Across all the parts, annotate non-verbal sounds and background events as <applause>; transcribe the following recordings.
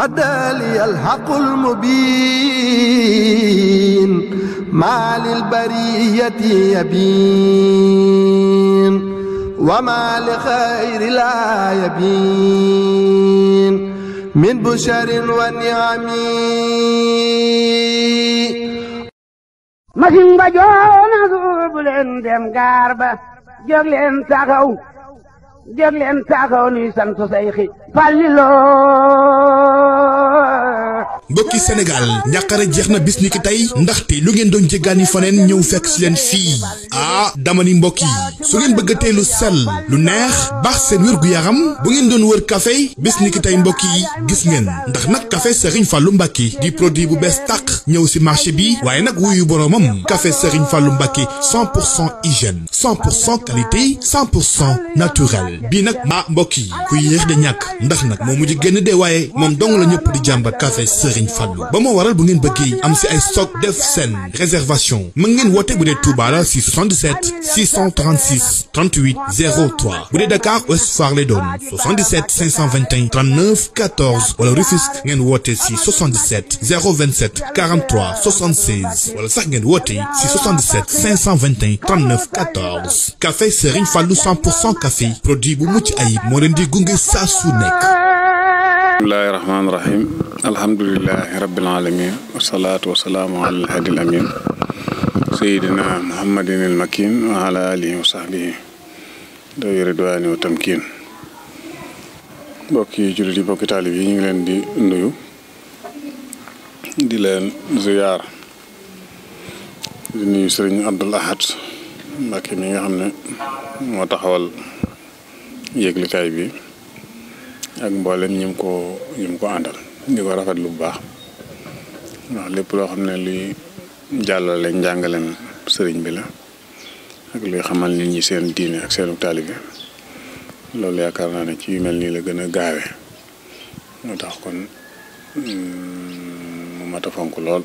مدالي الحق المبين ما للبرية يبين وما لخير لا يبين من بشر ونعم ما سين با جونا زوب لين دم غاربا جوغ لين تاخاو jël leen saako nuy sant say xi Falliloo mbokki Sénégal njàqare jeex na bis ni ki tey ndaxte lu ngeen doon jéggaani faneen ñëw fekk si leen fii ah dama ni mbokk yi su ngeen bëgg a tee lu sell lu neex baax seen wér-gu-yaram bu ngeen doon wër café bis ni tey mbokk yi gis ngeen ndax nag café Serigne Fallou Mbacké di produit bu bees tàq ñëw si marché bi waaye nag wuyu boroomam café kafe Fallou Mbacké 100 pour cent hygiène 100 pour cent qualité 100 pour naturel bii nag maa ah, mbokk yi ku yéex de ñàkk ndax nag moo mujj génn de waaye moom dong la ñëpp di jàmbat café Serigne Fallou ba moo waral bu ngeen i am si ay stock def seen réservation mën ngeen woote bu dee Touba la si 77 636 38 03 bu dee Dakar Ouest Foire lay doon 77 521 39 14 wala Rufisque ngeen woote si 77 027 43 76 wala sax ngeen woote si 77 521 39 14 café Serigne Fallou 100 pour cent café produit bu mucc ayib moo leen di gunge saa su nekk bismillahi rahmaani rahim alhamdulilahi rabbil alamin wasalaatu wasalaamu ala makin wa ala alihi wa sahbihi ridwaani wa tamkin mbokki jullit yi ñu ngi leen di nuyu di leen ziyaar di nuyu sëriñ Abdul Ahad Mbàkke mi nga xam ne moo taxawal yëglikaay bi ak mboolem ñu ko ñu ko àndal di rafet lu baax ndax lépp loo xam ne luy jàllale njàngaleem sëriñ bi la ak luy xamal nit ñi seen diine seenu taalibe loolu yaakaar naa ne ci yu mel nii la gën a gaawe moo tax kon mm, mu mat a fonk lool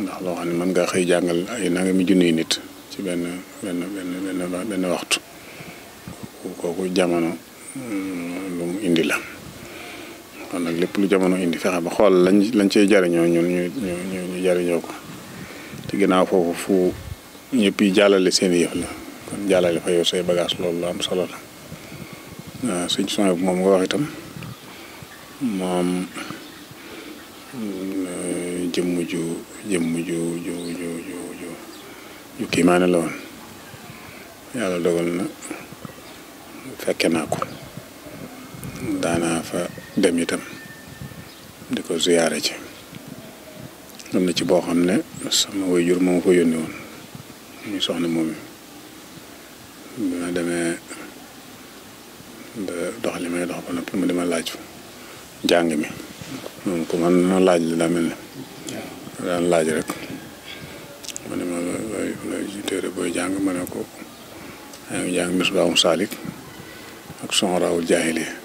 ndax loo xam ne mën ngaa xëy jàngal ay nangami junniy nit ci benn benn benn benn benn waxtu kooku jamono Hmm, lu mu indi la kon nag lépp lu jamono indi fexe ba xool lañ lañ cey jariñoo ñun ñu ñu ñu jariñoo ko te ginnaaw foofu fu ñëpp yi jàllale seen yëf la kon jàllale fa yow say bagage loolu lu am solo la waaw ah, suñ son bu moom nga wax itam moom mm, eh, jëmm ju jëmm ju ju ju ju ju ju kiimaane la woon yàlla dogal na fekke naa ko daanaa fa dem itam di ko ziyaare ci am na ci boo xam ne sama waajur moom ko yónni woon muy soxna moom yi bi demee ba dox li may dox ba noppi mu dama laaj jàng mi moom na laaj la daa mel ne daan laaj rek ma ne ma looy looy jàng ma ne ko yaa ngi jàng saalik ak sonraawul jaahiliya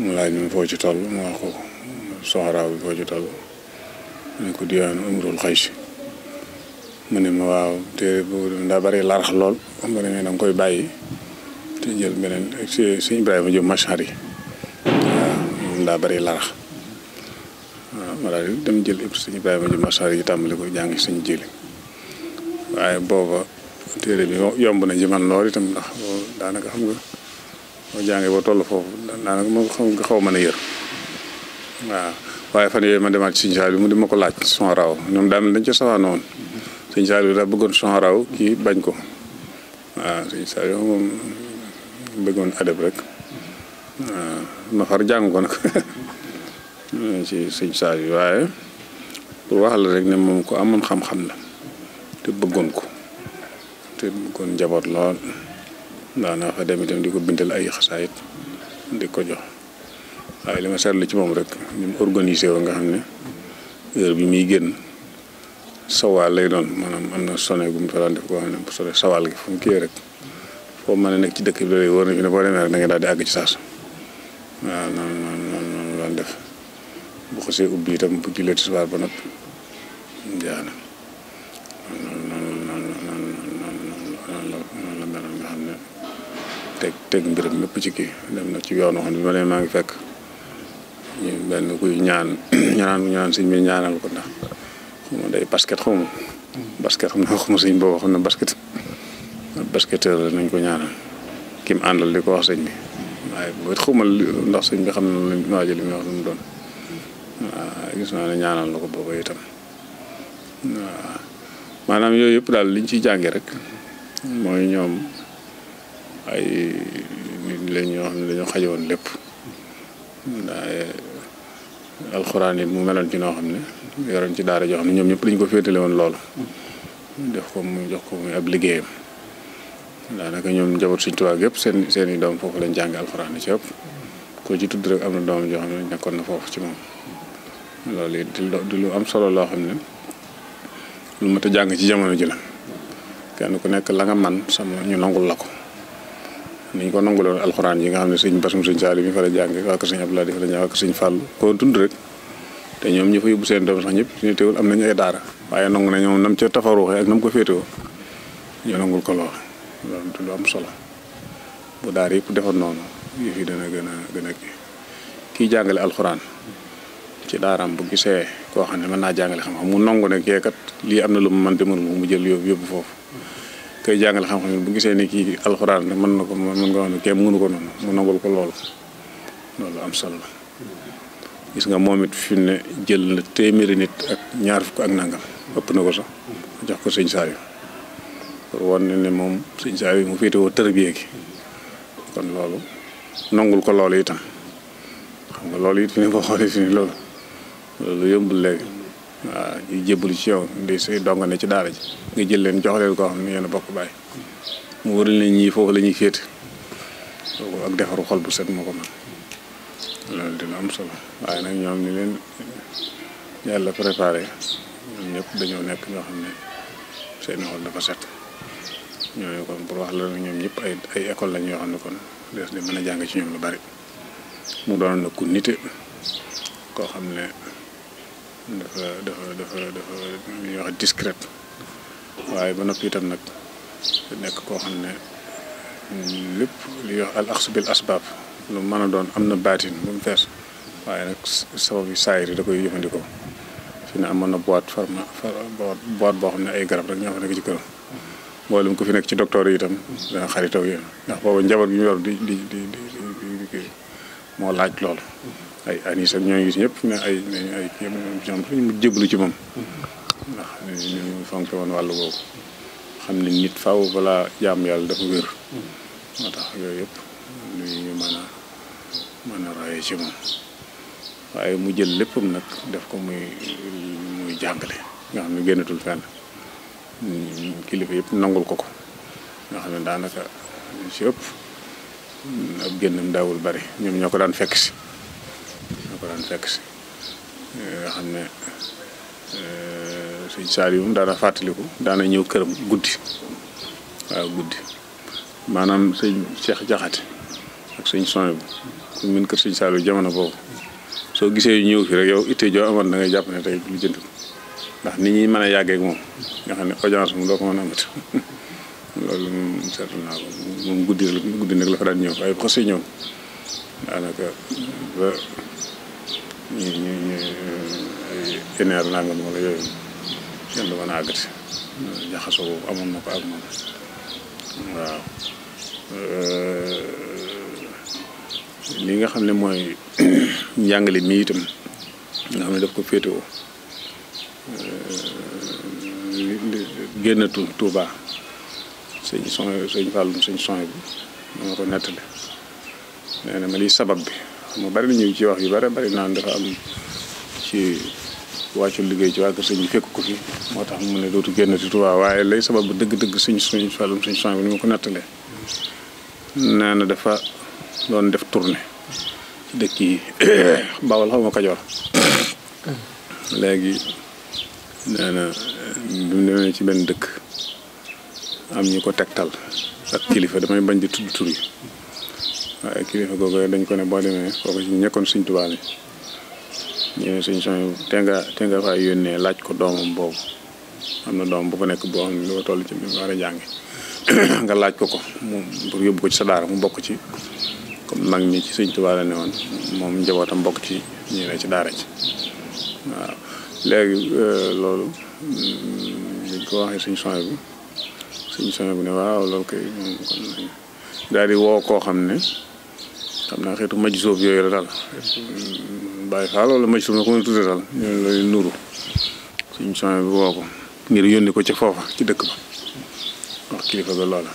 mu laaj ma foo ci toll mu wax ko soxoraaw bi foo ci toll mu ne ko diwaanu umrul xëy si mu ne ma waaw téere daa bari larx lool xam nga da koy bàyyi te jël beneen ak sëñ Ibrahima Diop Machar yi waaw daa bari larx waaw ma daal dem jël sëñ Ibrahima Diop Machar yi tàmbali koy jàng sëñ jëli waaye booba téere bi yomb na ji man lool itam ndax daanaka xam nga. boo jàngee toll foofu daanaka ma nga xaw ma a yër waaw waaye fan yooyu ma demaat ci sëñ Saaliw mu di ma ko laaj son raw ñoom daanaka dañ ca safaano woon sëñ Saaliw daa bëggoon son raw kii bañ ko waaw sëñ Saaliw moom bëggoon adab rek waaw ma jàng ko nag <laughs> ci sëñ Saaliw waaye pour wax rek ne moom ko amoon xam-xam la te bëggoon ko te bëggoon njaboot lool daanaa fa dem itam di ko bindal ay xasaayit di ko jox waaye li ma seetlu ci moom rek ni mu organisé woo nga xam ne heure bi muy génn sawaal lay doon maanaam am na sonné bu mu fa daan def ko xam ne bu sonné sawaal mu kii rek foo mën a nekk ci dëkk bi da lay wóor fi ne boo demee rek da nga daal di àgg ci saas waaw noonu noonu noonu daan def bu xasee ubbi itam bu jullee tisbaar ba noppi teg teg mbiram mépp ci kii dem na ci yoon waxoon bi ma leen maa ngi fekk ñu benn kuy ñaan <coughs> ñaan ñaan sëñ bi ñaanal ko ndax xuma day basket xawma basket xam na xuma sëñ boobu xam na basket basketteur la nañ ko ñaanal kim àndal li ko wax sëñ bi waaye boobu it xawma ndax sëñ bi xam na lu waajo li muy wax lu mu doon waaw gis naa ne ñaanal na ko boobu itam yooyu yëpp daal liñ ciy jànge rek mooy ñoom ay nit lañ ñoo xam ne dañoo xajowoon lépp ndaa eh, alxuraan yi mu meloon ci noo xam ne yoroon ci daara joo xam ne ñoom ñëpp dañu ko féetale woon loolu jox ko muy jox ko muy ab liggéeyam daanaka ñoom njaboot suñ tubaab yëpp seen seen i doom foofu lañ jàng alxuraan yi ci ëpp koo ci tudd rek am na doomam joo xam ne nekkoon na foofu ci moom loolu it di lu am solo loo xam ne lu mat a jàng ci jamono ji la ku nekk la man sama ñu nangul la ko ni ñu ko nangaloon alxuraan yi nga xam ne sëñ bas sëñ saali bi fa la jàng ak sëñ abdoulaye di fa la jàng ak sëñ fàll rek te ñoom ñi fa yóbbu seen doom sax ñëpp suñu teewul am nañu ay daara waaye nangu na ñoom nam ca tafaruuxee ak nam ko féetewoo ñoo nangul ko lool lu am solo bu daara defoon noonu yëf yi gën a gën jàngale alxuraan ci daaraam bu gisee koo xam ne mën naa jàngale xam-xam mu nangu ne keekat lii am na lu mu mën te mënu mu jël yóbbu yóbbu foofu kay jàngale xam-xam bu gisee ni kii alxuraan mën na ko mën nga wax ne kenn mënu ko noonu mu nangul ko loolu loolu am solo gis nga moom it fi ne jël na téeméeri nit ak ñaar fukk ak nangam ëpp na ko sax jox ko sëñ Saliou pour wan ne ne moom sëñ Saliou mu féetewoo tërbiye gi kon loolu nangul ko loolu itam xam nga loolu it fi ne boo xoolee fi ne loolu loolu yombul léegi waaw ñu jébbalu ci yow di say donga ne ci daara ji nga jël leen jox ko xam ne yéen a bokk bàyyi mu wëral leen ñii foofu la ñuy féete ak defaru xol bu set moo ko man loolu dina am solo waaye nag ñoom ni leen yàlla préparé ñoom ñëpp dañoo nekk ñoo xam seeni xol dafa set ñooñu kon pour wax la ñoom ñëpp ay ay école lañ yoo xam ne kon des di mën a jàng ci ñoom lu bari mu doon na ku nite xam ne dafa dafa dafa dafa ñuy wax discrète waaye ba noppi itam nag nekk koo xam ne lépp li wax al axsu bil asbaab lu mën a doon am na baatin bu mu fees waaye nag sabab yu saayir yi da koy jëfandikoo fi ne amoon na boîte pharma boîte boo xam ne ay garab rek ñoo fa nekk ci këram mboolem ku fi nekk ci docteur yi itam dana xaritaw yéen ndax boobu njaboot gi ñu di di di di moo laaj lool ay anis ak ñoo ngi yëpp ñëpp ay ay ñoom ñoom ñu ci moom. ndax ñu fonk woon wàll boobu. xam ne nit faaw balaa jaam yàlla dafa wér. moo tax yooyu yëpp lu ñu mën waaye mu jël léppam nag def ko muy muy jàngale. nga xam ne génnatul fenn kilifa yëpp nangul ko ko nga xam ne daanaka si ëpp ab génnam daawul bari ñoom ñoo ko daan fekk si. ko daan fekk si nga xam ne euh, sëñ Saliou daana fàttaliku daana ñëw këram guddi waaw guddi maanaam sëñ Cheikh Jaxate ak sëñ Sonia bu ku min kër sëñ Saliou jamono boobu soo gisee ñëw fi rek yow ittee joo amoon da ngay jàpp ne te lu ndax nit ñi mën a yàggee moom nga xam ne audience mu doo ko mën a amati <laughs> loolu moom seetlu naa guddi guddi la fa daan ñëw waaye bu xasee ñëw daanaka ñu ñu ñu téeméer nangam yooyu kenn du mën a àggati jaxasoo amoon na ko ak moom waaw euh, li nga xam ne mooy <clears throat> njàngale mi itam nga xam ne daf ko féetewoo euh, génn tu Tuuba sëñ son sëñ Fallum sëñ son bi moo ko nettali nee ma liy sabab bi moo bari ñu ci wax yu bari bari naan dafa am ci wàccu liggéey ci waa kër sëñ bi ko fi moo tax mu ne dootu génn ci Tuubaa waaye lay sababu dëgg-dëgg suñ suñ fàllum suñ sang bi ni ma ko nattalee nee dafa doon def tournée ci yi <coughs> Bawol xaw <coughs> léegi mu demee ci benn dëkk am ñu ko tegtal ak kilifa damay bañ di tudd tur yi waaye kilifa googu dañ ko ne boo demee foofu ci ñekkoon sëñ Tuubaa bi ñëwee sëñ son te nga yónnee laaj ko doom boobu am na doom bu fa nekk boo xam ne lu ci bi war a <coughs> nga laaj ko ko mu pour yóbbu ko ci sa daara mu bokk ci comme mag ñi ci sëñ Tuubaa ne woon moom njabootam bokk ci ñi ne ci daara ci waaw euh, loolu liñ mm, ko waxee sëñ son bi sëñ son bi ne waaw loolu koy daal di woo koo xam ne xam naa xeetu maj soof yooyu la daal bàyyi xaal wala maj na ko mën a tudde daal ñoom woo ko ngir yónni ko ca foofa ci dëkk ba wax kilifa ga loola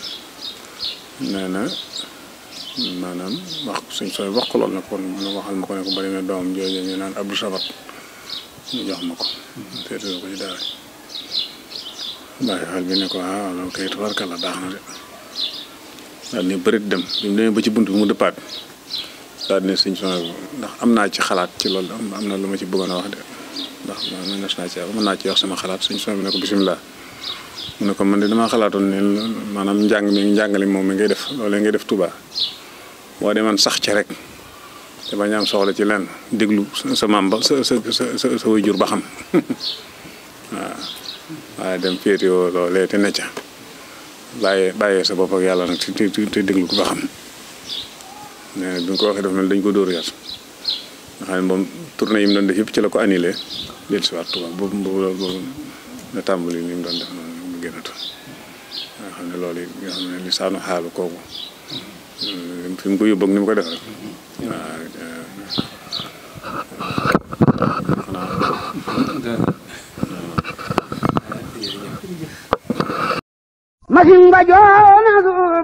na maanaam wax suñ soxna bi na ko mën ko ne ko bari naan Abdou Sabat ñu jox ma ko féete ko ci daara bàyyi xaal bi ne ko ah loolu kay tabarkalla baax na de daal ni bërit dem bi mu demee ci bunt bi mu dëppaat daal di ne sëñ Sonhibou ndax am naa ci xalaat ci loolu am na lu ma ci bëggoon a wax de ndax man nas naa ci mën naa ci wax sama xalaat sëñ Sonhibou ne ko bisimilah mu ko man de damaa xalaatoon ne maanaam njàng mi njàngale moom mi ngay def loolu ngay def Touba boo sax ci rek te bañ am soxla ci leen déglu sa maam ba sa sa sa sa ba xam <laughs> waaw waaye dem féetewoo loolee te ne ca bàyyee bàyyee sa bopp ak yàlla nag te te ko ba xam. nee na bi nga ko ko dóor yar nga xam ne moom tournée yi ko annulé del si waat Tuuba boobu boobu boobu la tàmbali ni mu doon def noonu mu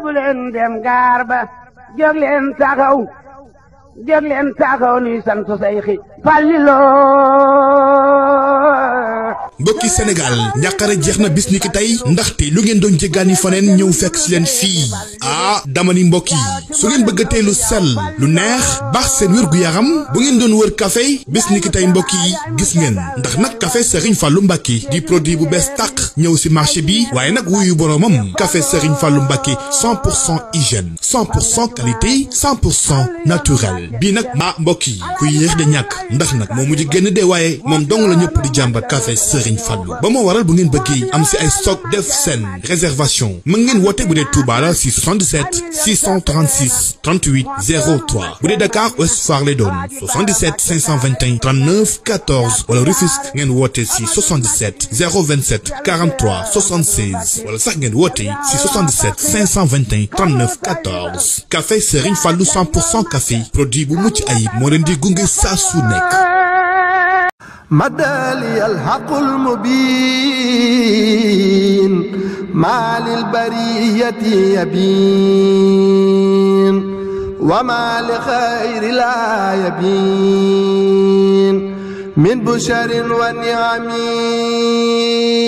ko def leen dem gaar jóg leen taxaw jóg leen taxaw nuy sant sayxi mbokki Sénégal njàqare jeex na bis ni tey ndaxte lu ngeen doon jéggaani faneen ñëw fekk si leen fii ah dama ni mbokk yi su ngeen bëggatee lu sell lu neex baax seen wér-gu-yaram bu ngeen doon wër kafe bis ni tey mbokk yi gis ngeen ndax nag kafe seriñ Serigne Fallou Mbacké di produit bu bees tàq ñëw si marché bi waaye nag wuyu boroomam café kafe seriñ Mbacké 100 pour cent hygiène 100 pour naturel bii nag maa ah, mbokk yi ku yéex de ñàkk ndax nag moo mujj génn de waaye moom dong la ñëpp di jàmbat café Serigne Fallou ba moo waral bu ngeen bëggee am si ay stock def seen réservation mën ngeen woote bu dee Touba la si 77 636 38 03 bu dee Dakar Ouest Foire lay ngeen woote si 77 027 43 76 wala sax ngeen woote si 77 521 39 14 café Serigne Fallou 100 pour café produit bu mucc ay moo leen di gunge saa su مدالي الحق المبين ما للبرية يبين وما لخير لا يبين من بشر ونعم